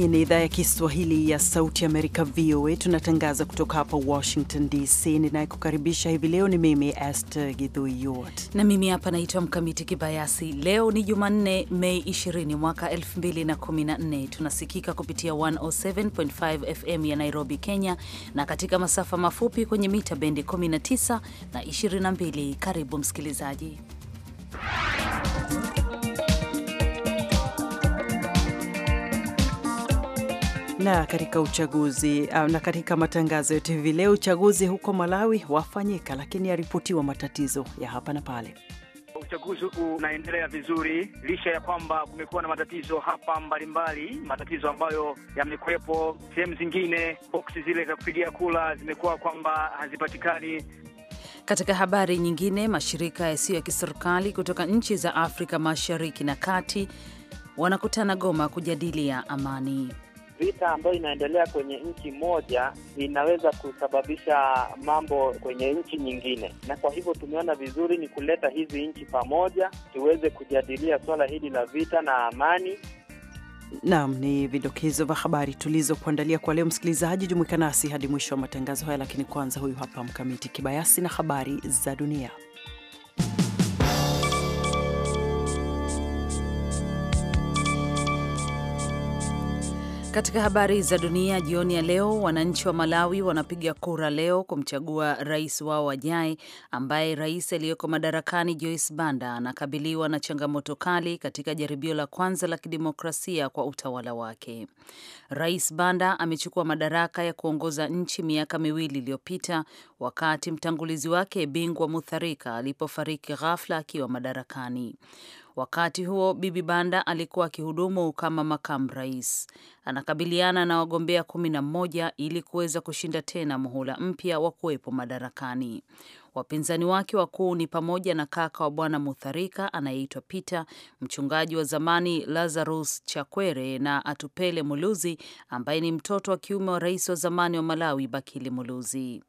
Hii ni idhaa ya Kiswahili ya Sauti Amerika, VOA. Tunatangaza kutoka hapa Washington DC. Ninayekukaribisha hivi leo ni mimi Esther Gidhuiyot, na mimi hapa naitwa Mkamiti Kibayasi. Leo ni Jumanne, Mei 20 mwaka 2014. Tunasikika kupitia 107.5 FM ya Nairobi, Kenya, na katika masafa mafupi kwenye mita bendi 19 na 22. Karibu msikilizaji Na katika uchaguzi uh, na katika matangazo yetu hivi leo, uchaguzi huko Malawi wafanyika, lakini yaripotiwa matatizo ya hapa na pale. Uchaguzi huku unaendelea vizuri licha ya kwamba kumekuwa na matatizo hapa mbalimbali, matatizo ambayo yamekuwepo sehemu zingine. Boksi zile za kupigia kula zimekuwa kwamba hazipatikani. Katika habari nyingine, mashirika yasiyo ya kiserikali kutoka nchi za Afrika Mashariki na Kati wanakutana Goma kujadilia amani vita ambayo inaendelea kwenye nchi moja inaweza kusababisha mambo kwenye nchi nyingine, na kwa hivyo tumeona vizuri ni kuleta hizi nchi pamoja tuweze kujadilia swala hili la vita na amani. Naam, ni vidokezo vya habari tulizokuandalia kwa leo. Msikilizaji, jumuika nasi hadi mwisho wa matangazo haya, lakini kwanza, huyu hapa Mkamiti Kibayasi na habari za dunia. Katika habari za dunia jioni ya leo, wananchi wa Malawi wanapiga kura leo kumchagua rais wao wajae ambaye rais aliyeko madarakani Joyce Banda anakabiliwa na changamoto kali katika jaribio la kwanza la kidemokrasia kwa utawala wake. Rais Banda amechukua madaraka ya kuongoza nchi miaka miwili iliyopita, wakati mtangulizi wake Bingwa Mutharika alipofariki ghafla akiwa madarakani. Wakati huo Bibi Banda alikuwa akihudumu kama makamu rais. Anakabiliana na wagombea kumi na mmoja ili kuweza kushinda tena muhula mpya wa kuwepo madarakani. Wapinzani wake wakuu ni pamoja na kaka wa bwana Mutharika anayeitwa Peter, mchungaji wa zamani Lazarus Chakwere na Atupele Muluzi ambaye ni mtoto wa kiume wa rais wa zamani wa Malawi Bakili Muluzi.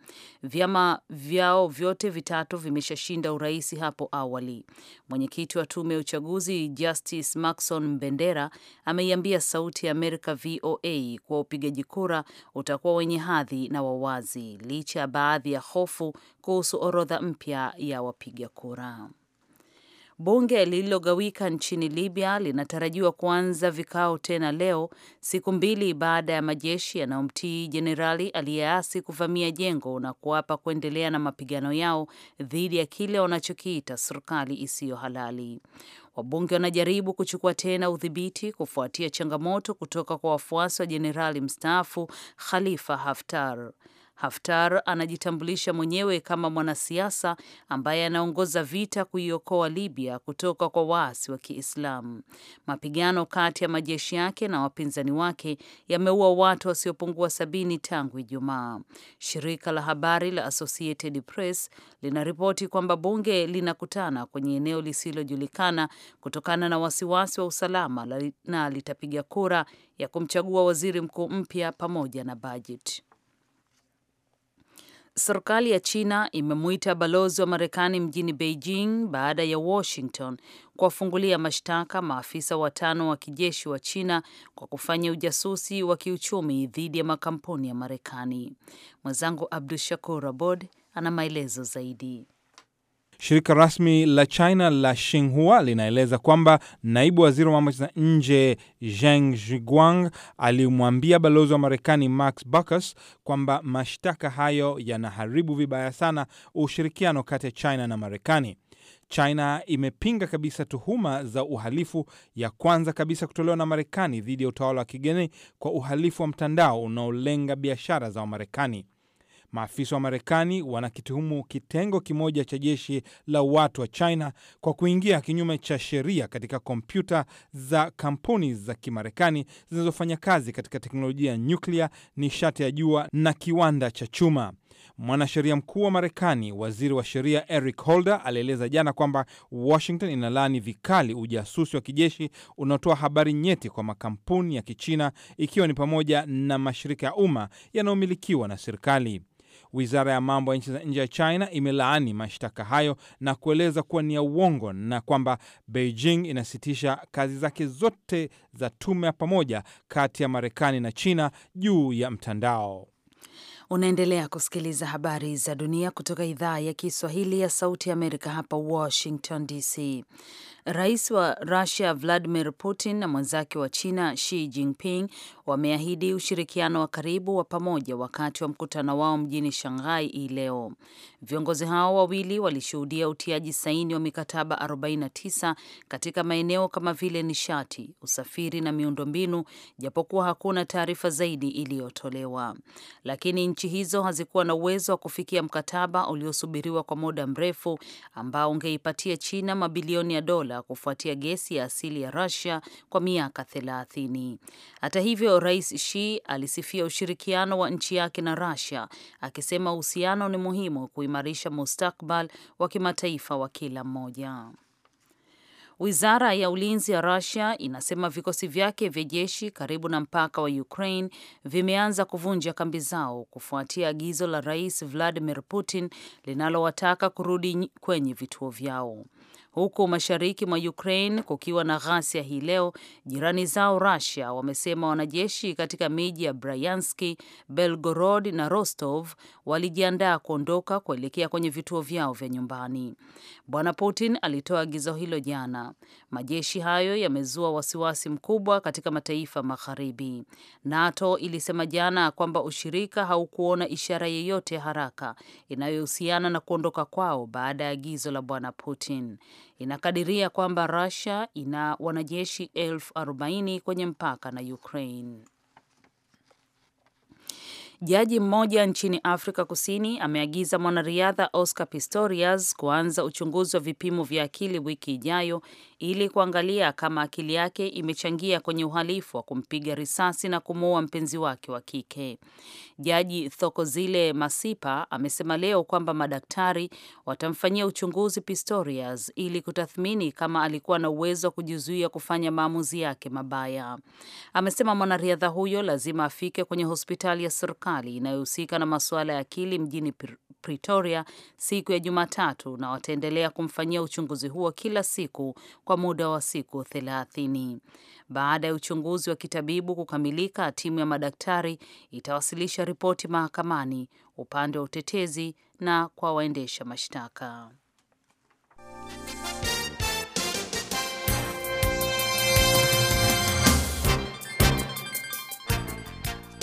Vyama vyao vyote vitatu vimeshashinda urais hapo awali. Mwenyekiti wa tume ya uchaguzi Justice Maxon Mbendera ameiambia Sauti ya Amerika VOA kuwa upigaji kura utakuwa wenye hadhi na wawazi licha ya baadhi ya hofu kuhusu orodha mpya ya wapiga kura. Bunge lililogawika nchini Libya linatarajiwa kuanza vikao tena leo, siku mbili baada ya majeshi yanayomtii jenerali aliyeasi kuvamia jengo na kuapa kuendelea na mapigano yao dhidi ya kile wanachokiita serikali isiyo halali. Wabunge wanajaribu kuchukua tena udhibiti kufuatia changamoto kutoka kwa wafuasi wa jenerali mstaafu Khalifa Haftar. Haftar anajitambulisha mwenyewe kama mwanasiasa ambaye anaongoza vita kuiokoa Libya kutoka kwa waasi wa Kiislamu. Mapigano kati ya majeshi yake na wapinzani wake yameua watu wasiopungua sabini tangu Ijumaa. Shirika la habari la Associated Press linaripoti kwamba bunge linakutana kwenye eneo lisilojulikana kutokana na wasiwasi wa usalama na litapiga kura ya kumchagua waziri mkuu mpya pamoja na bajeti serikali ya China imemwita balozi wa Marekani mjini Beijing baada ya Washington kuwafungulia mashtaka maafisa watano wa kijeshi wa China kwa kufanya ujasusi wa kiuchumi dhidi ya makampuni ya Marekani. Mwenzangu Abdu Shakur Abod ana maelezo zaidi. Shirika rasmi la China la Xinhua linaeleza kwamba naibu waziri wa mambo za nje Zheng Jiguang alimwambia balozi wa Marekani Max Baucus kwamba mashtaka hayo yanaharibu vibaya sana ushirikiano kati ya China na Marekani. China imepinga kabisa tuhuma za uhalifu, ya kwanza kabisa kutolewa na Marekani dhidi ya utawala wa kigeni kwa uhalifu wa mtandao unaolenga biashara za Wamarekani. Maafisa wa Marekani wanakituhumu kitengo kimoja cha jeshi la watu wa China kwa kuingia kinyume cha sheria katika kompyuta za kampuni za Kimarekani zinazofanya kazi katika teknolojia ya nyuklia, nishati ya jua na kiwanda cha chuma. Mwanasheria mkuu wa Marekani, waziri wa sheria Eric Holder alieleza jana kwamba Washington inalaani vikali ujasusi wa kijeshi unaotoa habari nyeti kwa makampuni ya Kichina, ikiwa ni pamoja na mashirika ya umma yanayomilikiwa na serikali. Wizara ya mambo ya nchi za nje ya China imelaani mashtaka hayo na kueleza kuwa ni ya uongo na kwamba Beijing inasitisha kazi zake zote za tume ya pamoja kati ya Marekani na China juu ya mtandao. Unaendelea kusikiliza habari za dunia kutoka idhaa ya Kiswahili ya Sauti ya Amerika hapa Washington DC. Rais wa Rusia Vladimir Putin na mwenzake wa China Xi Jinping wameahidi ushirikiano wa karibu wa pamoja wakati wa mkutano wao mjini Shanghai hii leo. Viongozi hao wawili walishuhudia utiaji saini wa mikataba 49 katika maeneo kama vile nishati, usafiri na miundombinu, japokuwa hakuna taarifa zaidi iliyotolewa. Lakini nchi hizo hazikuwa na uwezo wa kufikia mkataba uliosubiriwa kwa muda mrefu ambao ungeipatia China mabilioni ya dola dola kufuatia gesi ya asili ya Russia kwa miaka thelathini. Hata hivyo, Rais Xi alisifia ushirikiano wa nchi yake na Russia akisema uhusiano ni muhimu kuimarisha mustakbal wa kimataifa wa kila mmoja. Wizara ya ulinzi ya Russia inasema vikosi vyake vya jeshi karibu na mpaka wa Ukraine vimeanza kuvunja kambi zao kufuatia agizo la Rais Vladimir Putin linalowataka kurudi kwenye vituo vyao. Huku mashariki mwa Ukraine kukiwa na ghasia hii leo, jirani zao Russia wamesema wanajeshi katika miji ya Bryanski, Belgorod na Rostov walijiandaa kuondoka kuelekea kwenye vituo vyao vya nyumbani. Bwana Putin alitoa agizo hilo jana. Majeshi hayo yamezua wasiwasi mkubwa katika mataifa magharibi. NATO ilisema jana kwamba ushirika haukuona ishara yeyote ya haraka inayohusiana na kuondoka kwao baada ya agizo la Bwana Putin inakadiria kwamba Russia ina wanajeshi elfu arobaini kwenye mpaka na Ukraine. Jaji mmoja nchini Afrika Kusini ameagiza mwanariadha Oscar Pistorius kuanza uchunguzi wa vipimo vya akili wiki ijayo ili kuangalia kama akili yake imechangia kwenye uhalifu wa kumpiga risasi na kumuua mpenzi wake wa kike. Jaji Thokozile Masipa amesema leo kwamba madaktari watamfanyia uchunguzi Pistorius ili kutathmini kama alikuwa na uwezo wa kujizuia kufanya maamuzi yake mabaya. Amesema mwanariadha huyo lazima afike kwenye hospitali ya serikali inayohusika na masuala ya akili mjini Pretoria siku ya Jumatatu na wataendelea kumfanyia uchunguzi huo kila siku kwa muda wa siku 30. Baada ya uchunguzi wa kitabibu kukamilika, timu ya madaktari itawasilisha ripoti mahakamani, upande wa utetezi na kwa waendesha mashtaka.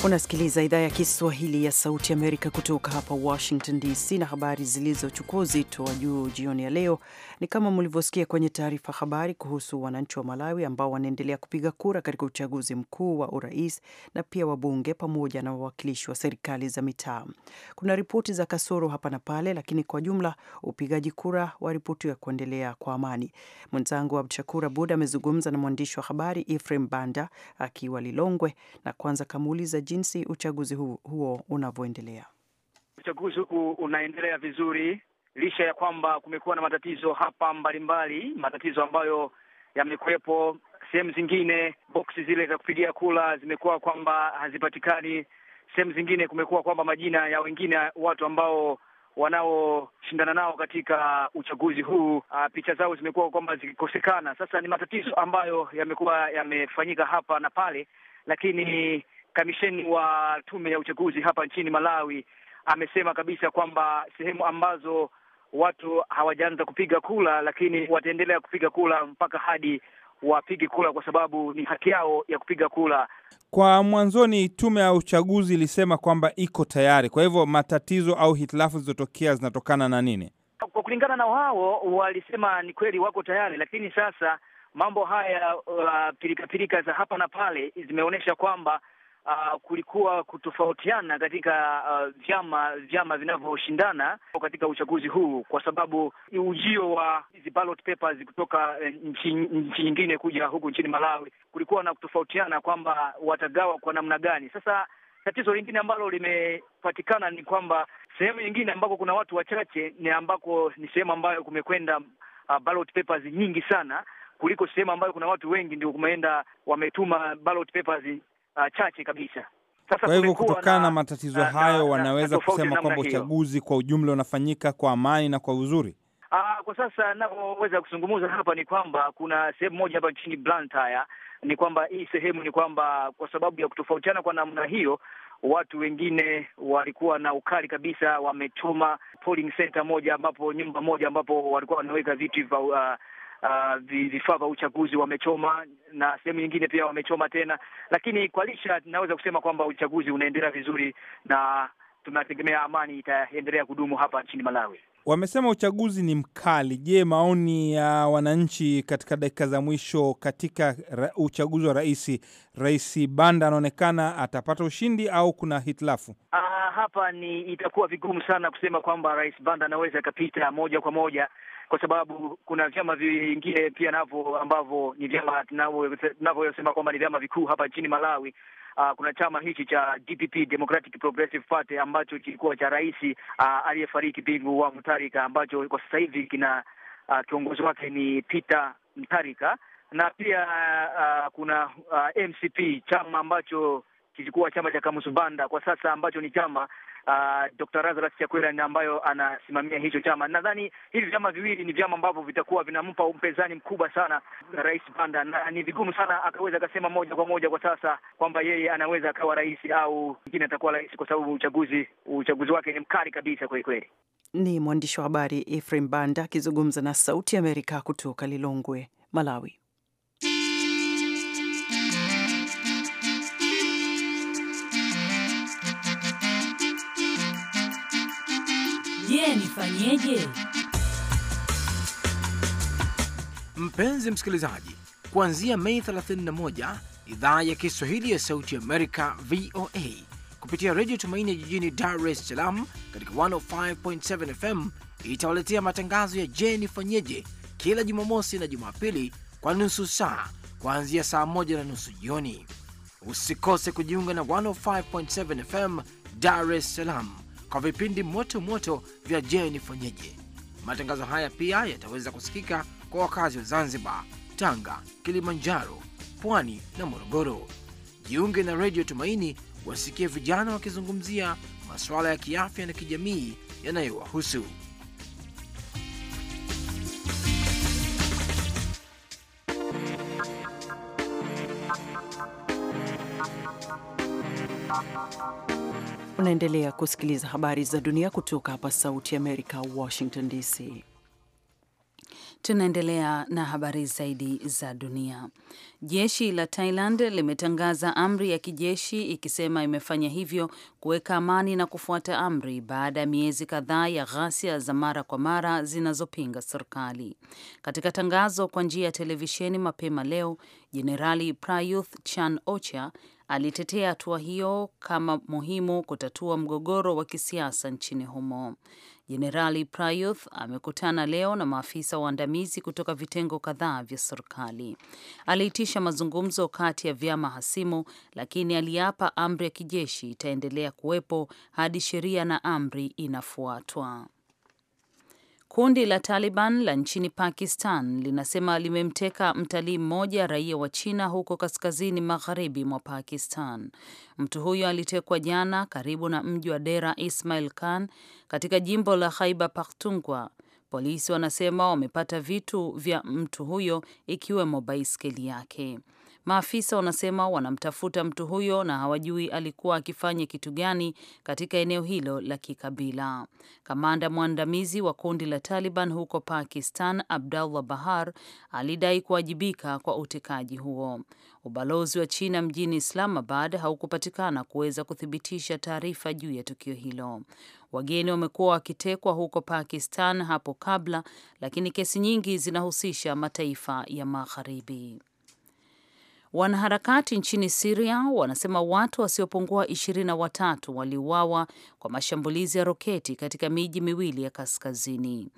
Unasikiliza idhaa ya Kiswahili ya Sauti Amerika kutoka hapa Washington DC, na habari zilizochukua uzito wa juu jioni ya leo ni kama mlivyosikia kwenye taarifa habari kuhusu wananchi wa Malawi ambao wanaendelea kupiga kura katika uchaguzi mkuu wa urais na pia wabunge pamoja na wawakilishi wa serikali za mitaa. Kuna ripoti za kasoro hapa na pale, lakini kwa jumla upigaji kura waripotiwa kuendelea kwa amani. Mwenzangu shakur Abud amezungumza na mwandishi wa habari Efrem Banda akiwa Lilongwe na kwanza kamuuliza jinsi uchaguzi huo, huo unavyoendelea. Uchaguzi huku unaendelea vizuri licha ya kwamba kumekuwa na matatizo hapa mbalimbali, matatizo ambayo yamekuwepo sehemu zingine. Boksi zile za kupigia kula zimekuwa kwamba hazipatikani sehemu zingine, kumekuwa kwamba majina ya wengine watu ambao wanaoshindana nao katika uchaguzi huu a, ah, picha zao zimekuwa kwamba zikikosekana. Sasa ni matatizo ambayo yamekuwa yamefanyika hapa na pale, lakini kamisheni wa tume ya uchaguzi hapa nchini Malawi amesema kabisa kwamba sehemu ambazo watu hawajaanza kupiga kula, lakini wataendelea kupiga kula mpaka hadi wapige kula, kwa sababu ni haki yao ya kupiga kula. Kwa mwanzoni, tume ya uchaguzi ilisema kwamba iko tayari. Kwa hivyo matatizo au hitilafu zilizotokea zinatokana na nini? Kwa kulingana na wao, walisema ni kweli wako tayari, lakini sasa mambo haya uh, pirikapirika za hapa na pale zimeonyesha kwamba uh, kulikuwa kutofautiana katika uh, vyama vyama vinavyoshindana katika uchaguzi huu, kwa sababu ujio wa hizi ballot papers kutoka eh, nchi nchi nyingine kuja huku nchini Malawi, kulikuwa na kutofautiana kwamba watagawa kwa namna gani. Sasa tatizo lingine ambalo limepatikana ni kwamba sehemu nyingine ambako kuna watu wachache ni ambako ni sehemu ambayo kumekwenda uh, ballot papers nyingi sana kuliko sehemu ambayo kuna watu wengi ndio kumeenda wametuma ballot papers uh, chache kabisa. Sasa kwa hivyo kutokana na matatizo uh, na, hayo na, wanaweza na kusema kwamba uchaguzi kwa ujumla unafanyika kwa amani na kwa uzuri. Aa, uh, kwa sasa navyoweza kuzungumza hapa ni kwamba kuna sehemu moja hapa nchini Blantyre, ni kwamba hii sehemu ni kwamba kwa sababu ya kutofautiana kwa namna hiyo, watu wengine walikuwa na ukali kabisa, wamechoma polling center moja ambapo nyumba moja ambapo walikuwa wanaweka vitu vya uh, uh, vifaa vya uchaguzi wamechoma na sehemu nyingine pia wamechoma tena, lakini kwa lisha tunaweza kusema kwamba uchaguzi unaendelea vizuri na tunategemea amani itaendelea kudumu hapa nchini Malawi. Wamesema uchaguzi ni mkali. Je, maoni ya wananchi katika dakika za mwisho katika ra, uchaguzi wa rais, Rais Banda anaonekana atapata ushindi au kuna hitilafu? Ah, hapa ni itakuwa vigumu sana kusema kwamba Rais Banda anaweza akapita moja kwa moja, kwa sababu kuna vyama vingine pia navyo ambavyo ni vyama tunavyosema kwamba ni vyama vikuu hapa nchini Malawi. Uh, kuna chama hichi cha DPP Democratic Progressive Party ambacho kilikuwa cha rais uh, aliyefariki Bingu wa Mutharika ambacho kwa sasa hivi kina uh, kiongozi wake ni Peter Mutharika na pia uh, kuna uh, MCP chama ambacho kilikuwa chama cha Kamusubanda kwa sasa ambacho ni chama uh, ah, Dr. Lazarus Chakwera ambayo anasimamia hicho chama. Nadhani hivi vyama viwili ni vyama ambavyo vitakuwa vinampa upinzani mkubwa sana Rais Banda, na ni vigumu sana akaweza akasema moja kwa moja kwa sasa kwamba yeye anaweza akawa rais au mwingine atakuwa rais, kwa sababu uchaguzi uchaguzi wake ni mkali kabisa kweli kweli. Ni mwandishi wa habari Ephraim Banda akizungumza na Sauti ya Amerika kutoka Lilongwe, Malawi. Nifanyeje? Mpenzi msikilizaji, kuanzia Mei 31 idhaa ya Kiswahili ya Sauti Amerika VOA kupitia Redio Tumaini jijini Dar es Salaam katika 105.7 FM itawaletea matangazo ya Je Nifanyeje kila Jumamosi na Jumapili kwa nusu saa kuanzia saa moja na nusu jioni. Usikose kujiunga na 105.7 FM Dar es Salaam kwa vipindi moto moto vya Je Nifanyeje. Matangazo haya pia yataweza kusikika kwa wakazi wa Zanzibar, Tanga, Kilimanjaro, Pwani na Morogoro. Jiunge na Redio Tumaini wasikie vijana wakizungumzia masuala ya kiafya na kijamii yanayowahusu. Unaendelea kusikiliza habari za dunia kutoka hapa Sauti Amerika, Washington DC. Tunaendelea na habari zaidi za dunia. Jeshi la Thailand limetangaza amri ya kijeshi ikisema imefanya hivyo kuweka amani na kufuata amri baada ya miezi kadhaa ya ghasia za mara kwa mara zinazopinga serikali. Katika tangazo kwa njia ya televisheni mapema leo, Jenerali Prayuth Chan Ocha alitetea hatua hiyo kama muhimu kutatua mgogoro wa kisiasa nchini humo. Jenerali Prayuth amekutana leo na maafisa waandamizi kutoka vitengo kadhaa vya serikali. Aliitisha mazungumzo kati ya vyama hasimu, lakini aliapa amri ya kijeshi itaendelea kuwepo hadi sheria na amri inafuatwa. Kundi la Taliban la nchini Pakistan linasema limemteka mtalii mmoja raia wa China huko kaskazini magharibi mwa Pakistan. Mtu huyo alitekwa jana karibu na mji wa Dera Ismail Khan katika jimbo la Khyber Pakhtunkhwa. Polisi wanasema wamepata vitu vya mtu huyo ikiwemo baiskeli yake. Maafisa wanasema wanamtafuta mtu huyo na hawajui alikuwa akifanya kitu gani katika eneo hilo la kikabila. Kamanda mwandamizi wa kundi la Taliban huko Pakistan, Abdullah Bahar, alidai kuwajibika kwa utekaji huo. Ubalozi wa China mjini Islamabad haukupatikana kuweza kuthibitisha taarifa juu ya tukio hilo. Wageni wamekuwa wakitekwa huko Pakistan hapo kabla, lakini kesi nyingi zinahusisha mataifa ya Magharibi. Wanaharakati nchini Siria wanasema watu wasiopungua ishirini na watatu waliuawa kwa mashambulizi ya roketi katika miji miwili ya kaskazini.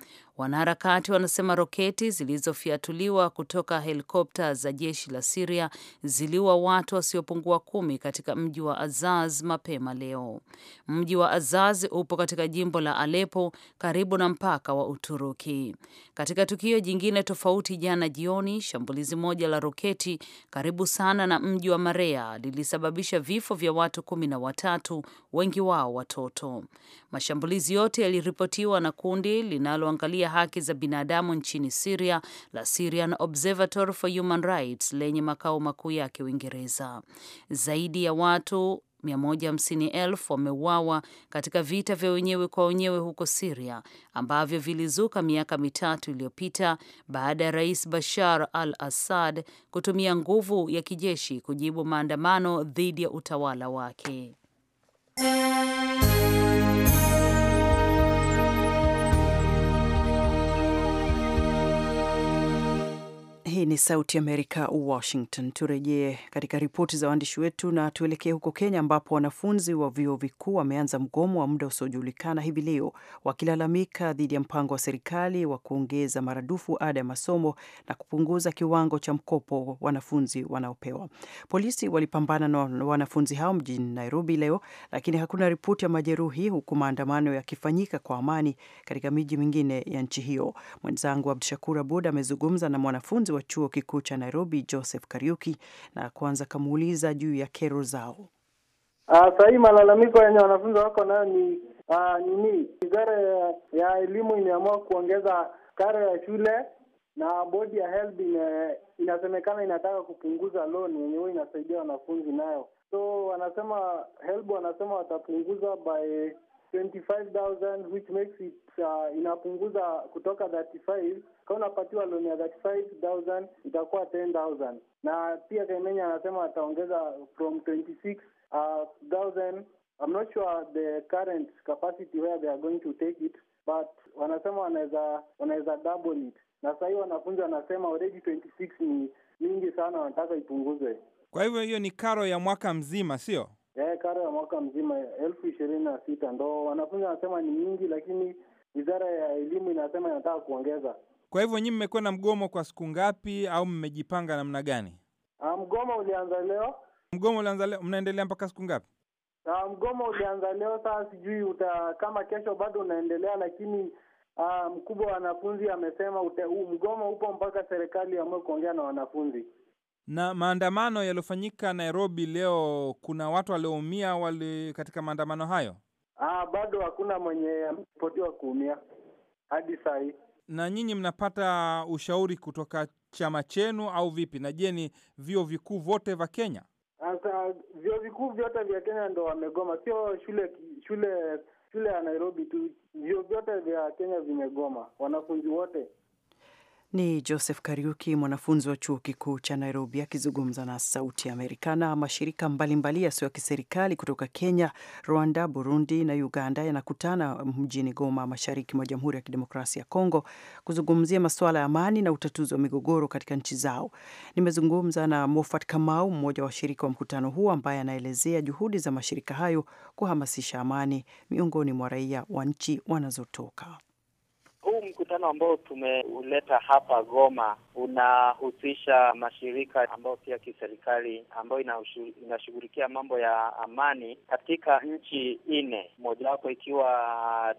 Wanaharakati wanasema roketi zilizofiatuliwa kutoka helikopta za jeshi la Siria ziliua watu wasiopungua kumi katika mji wa Azaz mapema leo. Mji wa Azaz upo katika jimbo la Alepo karibu na mpaka wa Uturuki. Katika tukio jingine tofauti, jana jioni, shambulizi moja la roketi karibu sana na mji wa Marea lilisababisha vifo vya watu kumi na watatu, wengi wao watoto. Mashambulizi yote yaliripotiwa na kundi linaloangalia haki za binadamu nchini Syria la Syrian Observatory for Human Rights lenye makao makuu yake Uingereza. Zaidi ya watu 150,000 wameuawa katika vita vya wenyewe kwa wenyewe huko Syria ambavyo vilizuka miaka mitatu iliyopita baada ya Rais Bashar al-Assad kutumia nguvu ya kijeshi kujibu maandamano dhidi ya utawala wake. Hii ni Sauti Amerika, Washington. Turejee katika ripoti za waandishi wetu na tuelekee huko Kenya, ambapo wanafunzi wa vyuo vikuu wameanza mgomo wa muda usiojulikana hivi leo, wakilalamika dhidi ya mpango wa serikali wa kuongeza maradufu ada ya masomo na kupunguza kiwango cha mkopo wanafunzi wanaopewa. Polisi walipambana na wanafunzi hao mjini Nairobi leo, lakini hakuna ripoti ya majeruhi, huku maandamano yakifanyika kwa amani katika miji mingine ya nchi hiyo. Mwenzangu Abdushakur Abud amezungumza na mwanafunzi wa wa chuo kikuu cha Nairobi Joseph Kariuki, na kwanza kamuuliza juu ya kero zao. Ah, Saa hii malalamiko yenye wanafunzi wako nayo ah, ni nini? Wizara ya elimu imeamua kuongeza karo ya shule na bodi ya ina, inasemekana inataka kupunguza loan yenye huwa inasaidia wanafunzi nayo, so wanasema HELB wanasema watapunguza by 25000 which makes it uh, inapunguza kutoka 35 kama unapatiwa loan ya 35000 itakuwa 10000 na pia Kaimenya anasema ataongeza from 26000 uh, I'm not sure the current capacity where they are going to take it but wanasema wanaweza wanaweza double it na sasa hii wanafunzi wanasema already 26 ni mingi sana wanataka ipunguzwe kwa hivyo hiyo ni karo ya mwaka mzima sio eh, karo ya mwaka mzima elfu ishirini na sita ndo wanafunzi wanasema ni nyingi, lakini wizara ya elimu inasema inataka kuongeza. Kwa hivyo nyinyi na mgomo kwa siku ngapi, au mmejipanga namna gani? Ah, mgomo ulianza leo. Mgomo ulianza leo, mnaendelea mpaka siku ngapi? Uh, mgomo ulianza leo. Sasa sijui uta kama kesho bado unaendelea, lakini uh, mkubwa wa wanafunzi amesema mgomo upo mpaka serikali amwe kuongea na wanafunzi. Na maandamano yaliyofanyika Nairobi leo, kuna watu walioumia wali katika maandamano hayo? Aa, ah, bado hakuna mwenye ameripotiwa kuumia hadi saa hii. Na nyinyi mnapata ushauri kutoka chama chenu au vipi? Na je, ni vyuo vikuu vyote vya Kenya? Sasa vyuo vikuu vyote vya Kenya ndo wamegoma, sio shule shule shule ya Nairobi tu, vyuo vyote vya Kenya vimegoma, wanafunzi wote ni Joseph Kariuki, mwanafunzi wa chuo kikuu cha Nairobi, akizungumza na Sauti ya Amerika. Na mashirika mbalimbali yasiyo ya kiserikali kutoka Kenya, Rwanda, Burundi na Uganda yanakutana mjini Goma, mashariki mwa Jamhuri ya Kidemokrasia ya Kongo, kuzungumzia masuala ya amani na utatuzi wa migogoro katika nchi zao. Nimezungumza na Mofat Kamau, mmoja wa washirika wa mkutano huu, ambaye anaelezea juhudi za mashirika hayo kuhamasisha amani miongoni mwa raia wa nchi wanazotoka huu mkutano ambao tumeuleta hapa Goma unahusisha mashirika ambayo pia kiserikali ambayo inashughulikia mambo ya amani katika nchi nne, mojawapo ikiwa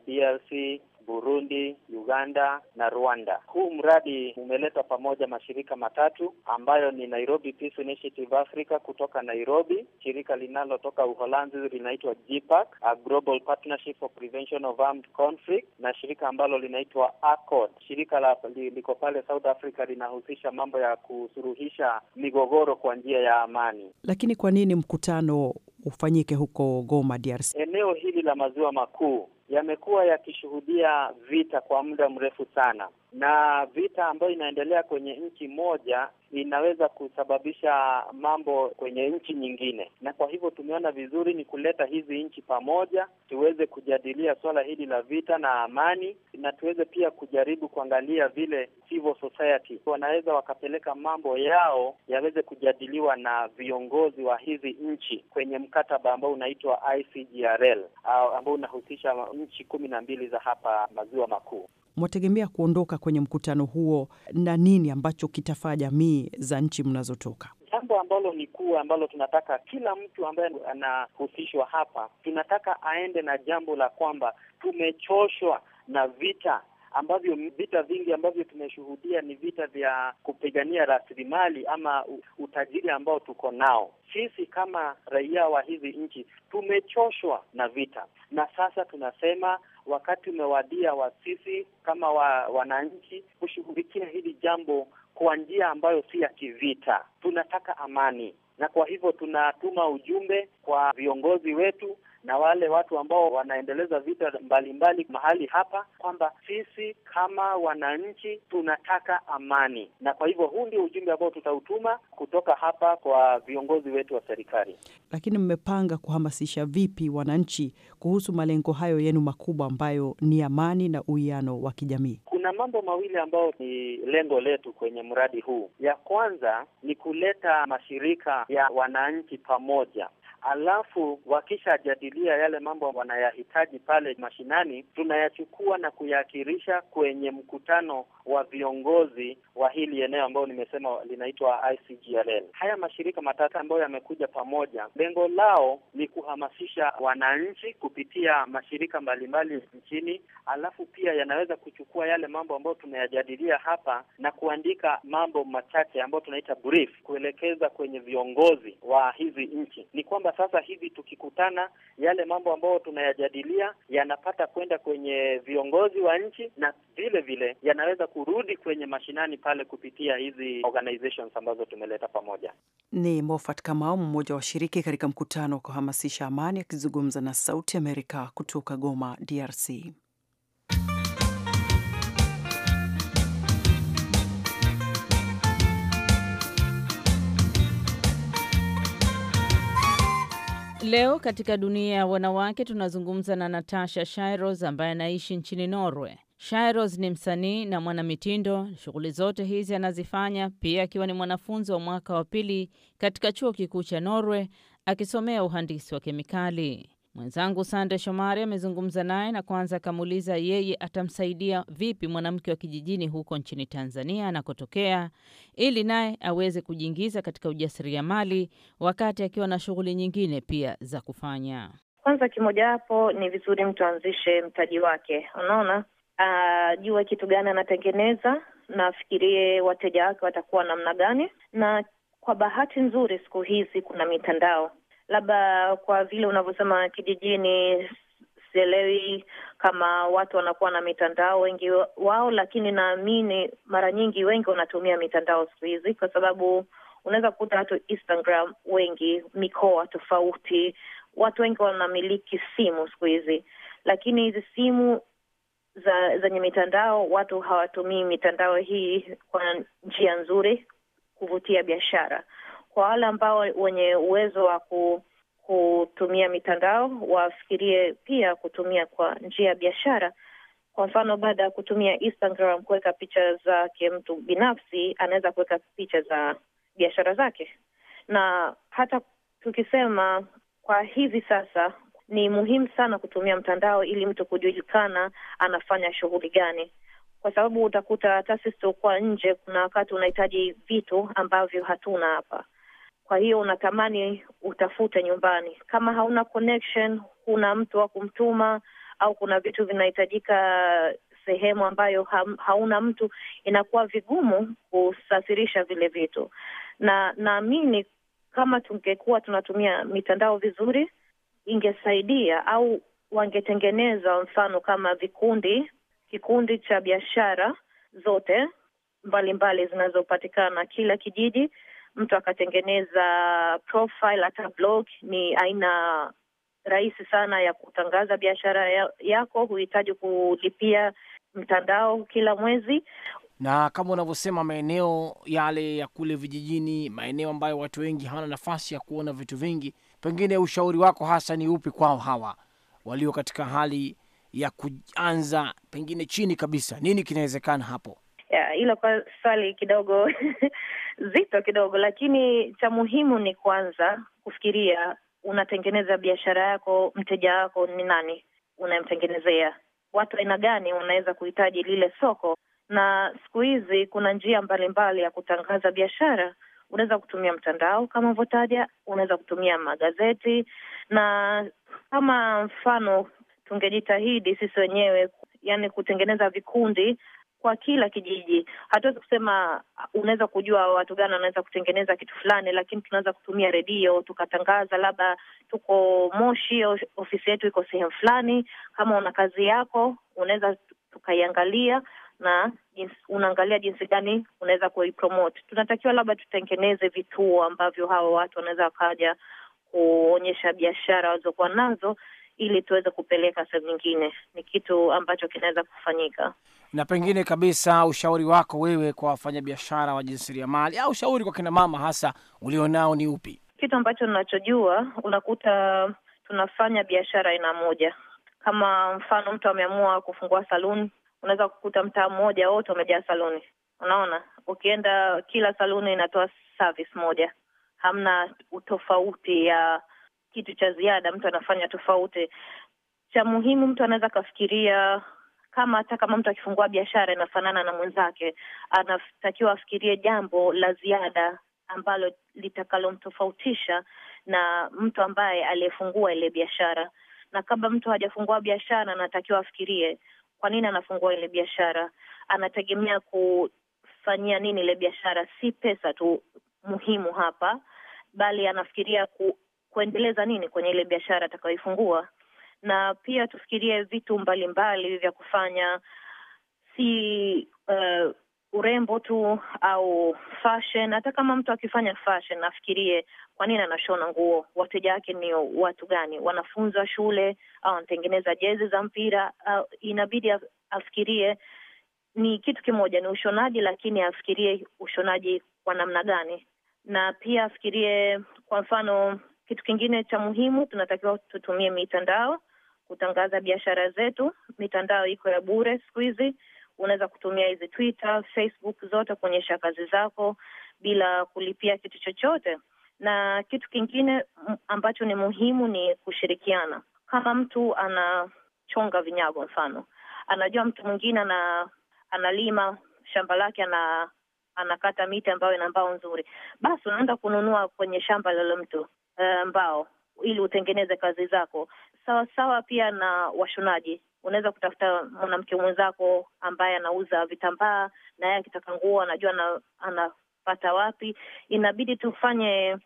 DRC, Burundi, Uganda na Rwanda. Huu mradi umeleta pamoja mashirika matatu ambayo ni Nairobi Peace Initiative Africa kutoka Nairobi, shirika linalotoka Uholanzi linaitwa GPAC, a Global Partnership for Prevention of Armed Conflict, na shirika ambalo linaitwa ACORD. Shirika la li, liko pale South Africa linahusisha mambo ya kusuruhisha migogoro kwa njia ya amani. Lakini kwa nini mkutano ufanyike huko Goma, DRC. Eneo hili la maziwa makuu yamekuwa yakishuhudia vita kwa muda mrefu sana na vita ambayo inaendelea kwenye nchi moja inaweza kusababisha mambo kwenye nchi nyingine, na kwa hivyo tumeona vizuri ni kuleta hizi nchi pamoja, tuweze kujadilia suala hili la vita na amani, na tuweze pia kujaribu kuangalia vile civil society wanaweza wakapeleka mambo yao yaweze kujadiliwa na viongozi wa hizi nchi kwenye mkataba ambao unaitwa ICGLR ambao unahusisha nchi kumi na mbili za hapa maziwa makuu mwategemea kuondoka kwenye mkutano huo na nini ambacho kitafaa jamii za nchi mnazotoka? Jambo ambalo ni kuu ambalo tunataka kila mtu ambaye anahusishwa hapa, tunataka aende na jambo la kwamba tumechoshwa na vita ambavyo vita vingi ambavyo tumeshuhudia ni vita vya kupigania rasilimali ama utajiri ambao tuko nao. Sisi kama raia wa hizi nchi tumechoshwa na vita, na sasa tunasema wakati umewadia wa sisi kama wa, wananchi kushughulikia hili jambo kwa njia ambayo si ya kivita. Tunataka amani, na kwa hivyo tunatuma ujumbe kwa viongozi wetu na wale watu ambao wanaendeleza vita mbalimbali mbali mahali hapa kwamba sisi kama wananchi tunataka amani, na kwa hivyo huu ndio ujumbe ambao tutautuma kutoka hapa kwa viongozi wetu wa serikali. Lakini mmepanga kuhamasisha vipi wananchi kuhusu malengo hayo yenu makubwa ambayo ni amani na uwiano wa kijamii? Kuna mambo mawili ambayo ni lengo letu kwenye mradi huu. Ya kwanza ni kuleta mashirika ya wananchi pamoja alafu wakishajadilia yale mambo wanayahitaji pale mashinani, tunayachukua na kuyaakirisha kwenye mkutano wa viongozi wa hili eneo ambayo nimesema linaitwa ICGLL. Haya mashirika matatu ambayo yamekuja pamoja, lengo lao ni kuhamasisha wananchi kupitia mashirika mbalimbali nchini, alafu pia yanaweza kuchukua yale mambo ambayo tumeyajadilia hapa na kuandika mambo machache ambayo tunaita brief, kuelekeza kwenye viongozi wa hizi nchi. Ni kwamba sasa hivi tukikutana, yale mambo ambayo tunayajadilia yanapata kwenda kwenye viongozi wa nchi na vile vile yanaweza kurudi kwenye mashinani pale kupitia hizi organizations ambazo tumeleta pamoja. Ni Mofat Kamau, mmoja wa shiriki katika mkutano wa kuhamasisha amani, akizungumza na Sauti Amerika kutoka Goma, DRC. Leo katika dunia ya wanawake tunazungumza na Natasha Shairos ambaye anaishi nchini Norwe. Shairos ni msanii na mwanamitindo. Shughuli zote hizi anazifanya pia akiwa ni mwanafunzi wa mwaka wa pili katika chuo kikuu cha Norwe akisomea uhandisi wa kemikali. Mwenzangu Sande Shomari amezungumza naye na kwanza akamuuliza yeye atamsaidia vipi mwanamke wa kijijini huko nchini Tanzania anakotokea ili naye aweze kujiingiza katika ujasiriamali wakati akiwa na shughuli nyingine pia za kufanya. Kwanza kimojawapo ni vizuri mtu aanzishe mtaji wake, unaona, ajue ah, kitu gani anatengeneza na afikirie wateja wake watakuwa namna gani. Na kwa bahati nzuri, siku hizi kuna mitandao labda kwa vile unavyosema kijijini, sielewi kama watu wanakuwa na mitandao wengi wao, lakini naamini mara nyingi wengi wanatumia mitandao siku hizi, kwa sababu unaweza kukuta watu Instagram wengi, mikoa tofauti, watu wengi wanamiliki simu siku hizi, lakini hizi simu za zenye mitandao, watu hawatumii mitandao hii kwa njia nzuri kuvutia biashara kwa wale ambao wenye uwezo wa ku, kutumia mitandao wafikirie pia kutumia kwa njia ya biashara. Kwa mfano, baada ya kutumia Instagram kuweka picha zake mtu binafsi, anaweza kuweka picha za biashara zake. Na hata tukisema kwa hivi sasa, ni muhimu sana kutumia mtandao ili mtu kujulikana anafanya shughuli gani, kwa sababu utakuta hata sisi tulikuwa nje, kuna wakati unahitaji vitu ambavyo hatuna hapa kwa hiyo unatamani utafute nyumbani. Kama hauna connection, kuna mtu wa kumtuma au kuna vitu vinahitajika sehemu ambayo hauna mtu, inakuwa vigumu kusafirisha vile vitu, na naamini kama tungekuwa tunatumia mitandao vizuri ingesaidia, au wangetengeneza mfano kama vikundi, kikundi cha biashara zote mbalimbali zinazopatikana kila kijiji mtu akatengeneza profile hata blog, ni aina rahisi sana ya kutangaza biashara yako. Huhitaji kulipia mtandao kila mwezi, na kama unavyosema, maeneo yale ya kule vijijini, maeneo ambayo watu wengi hawana nafasi ya kuona vitu vingi, pengine ushauri wako hasa ni upi kwao hawa walio katika hali ya kuanza pengine chini kabisa? Nini kinawezekana hapo? Eh, hilo kwa swali kidogo zito kidogo, lakini cha muhimu ni kwanza kufikiria unatengeneza biashara yako, mteja wako ni nani unayemtengenezea, watu aina gani unaweza kuhitaji lile soko. Na siku hizi kuna njia mbalimbali mbali ya kutangaza biashara. Unaweza kutumia mtandao kama ulivyotaja, unaweza kutumia magazeti, na kama mfano tungejitahidi sisi wenyewe, yani kutengeneza vikundi kwa kila kijiji. Hatuwezi kusema uh, unaweza kujua watu gani wanaweza kutengeneza kitu fulani, lakini tunaweza kutumia redio tukatangaza, labda tuko Moshi, ofisi yetu iko sehemu fulani. Kama una kazi yako, unaweza tukaiangalia na jinsi, unaangalia jinsi gani unaweza kuipromote. Tunatakiwa labda tutengeneze vituo ambavyo hawa watu wanaweza wakaja kuonyesha biashara walizokuwa nazo ili tuweze kupeleka sehemu nyingine. Ni kitu ambacho kinaweza kufanyika na pengine kabisa ushauri wako wewe kwa wafanyabiashara wa jasiriamali au ushauri kwa kinamama hasa ulionao ni upi? Kitu ambacho nachojua, unakuta tunafanya biashara aina moja. Kama mfano mtu ameamua kufungua saluni, unaweza kukuta mtaa mmoja wote wamejaa saluni. Unaona, ukienda kila saluni inatoa service moja, hamna utofauti ya kitu cha ziada mtu anafanya tofauti. Cha muhimu mtu anaweza akafikiria kama hata kama mtu akifungua biashara inafanana na mwenzake, anatakiwa afikirie jambo la ziada ambalo litakalomtofautisha na mtu ambaye aliyefungua ile biashara. Na kabla mtu hajafungua biashara, anatakiwa afikirie kwa nini anafungua ile biashara, anategemea kufanyia nini ile biashara. Si pesa tu muhimu hapa, bali anafikiria ku, kuendeleza nini kwenye ile biashara atakayoifungua na pia tufikirie vitu mbalimbali vya kufanya, si uh, urembo tu au fashion. Hata kama mtu akifanya fashion, afikirie kwa nini anashona nguo, wateja wake ni watu gani, wanafunza shule au anatengeneza jezi za mpira. Uh, inabidi afikirie ni kitu kimoja, ni ushonaji, lakini afikirie ushonaji kwa namna gani, na pia afikirie, kwa mfano, kitu kingine cha muhimu, tunatakiwa tutumie mitandao kutangaza biashara zetu. Mitandao iko ya bure siku hizi, unaweza kutumia hizi Twitter, Facebook zote kuonyesha kazi zako bila kulipia kitu chochote. Na kitu kingine ambacho ni muhimu ni kushirikiana. Kama mtu anachonga vinyago, mfano anajua mtu mwingine ana, analima shamba lake ana anakata miti ambayo ina mbao nzuri, basi unaenda kununua kwenye shamba la mtu uh, mbao ili utengeneze kazi zako sawasawa pia na washonaji. Unaweza kutafuta mwanamke mwenzako ambaye anauza vitambaa, na yeye akitaka nguo anajua na, anapata wapi. Inabidi tufanye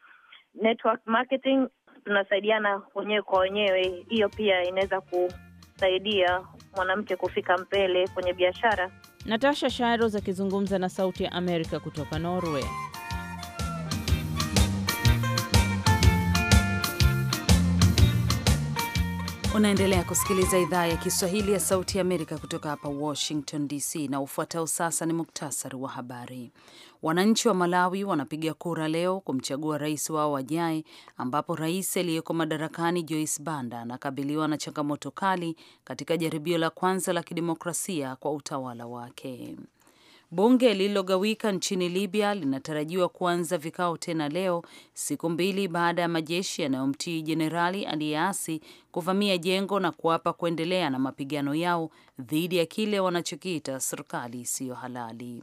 network marketing, tunasaidiana wenyewe kwa wenyewe. Hiyo pia inaweza kusaidia mwanamke kufika mbele kwenye biashara. Natasha Sharos akizungumza na Sauti ya Amerika kutoka Norway. Unaendelea kusikiliza idhaa ya Kiswahili ya Sauti ya Amerika kutoka hapa Washington DC, na ufuatao sasa ni muktasari wa habari. Wananchi wa Malawi wanapiga kura leo kumchagua rais wao wajae ambapo rais aliyeko madarakani Joyce Banda anakabiliwa na changamoto kali katika jaribio la kwanza la kidemokrasia kwa utawala wake. Bunge lililogawika nchini Libya linatarajiwa kuanza vikao tena leo, siku mbili baada ya majeshi yanayomtii jenerali aliyeasi kuvamia jengo na kuapa kuendelea na mapigano yao dhidi ya kile wanachokiita serikali isiyo halali.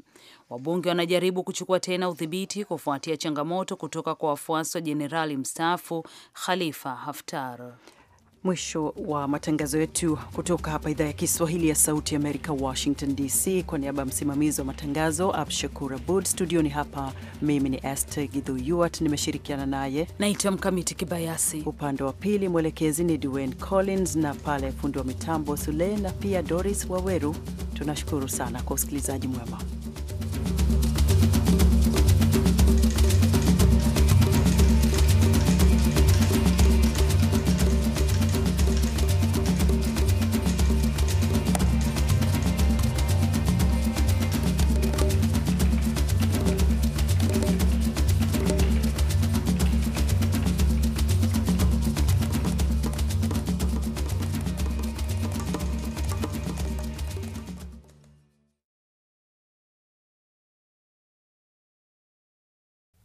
Wabunge wanajaribu kuchukua tena udhibiti kufuatia changamoto kutoka kwa wafuasi wa jenerali mstaafu Khalifa Haftar mwisho wa matangazo yetu kutoka hapa idhaa ya Kiswahili ya Sauti Amerika, Washington DC. Kwa niaba ya msimamizi wa matangazo Abshakur Abud, studioni hapa mimi ni Esther Gidhu Yuart, nimeshirikiana naye naitwa Mkamiti Kibayasi. Upande wa pili mwelekezi ni Dwayne Collins na pale fundi wa mitambo Sule na pia Doris Waweru. Tunashukuru sana kwa usikilizaji mwema.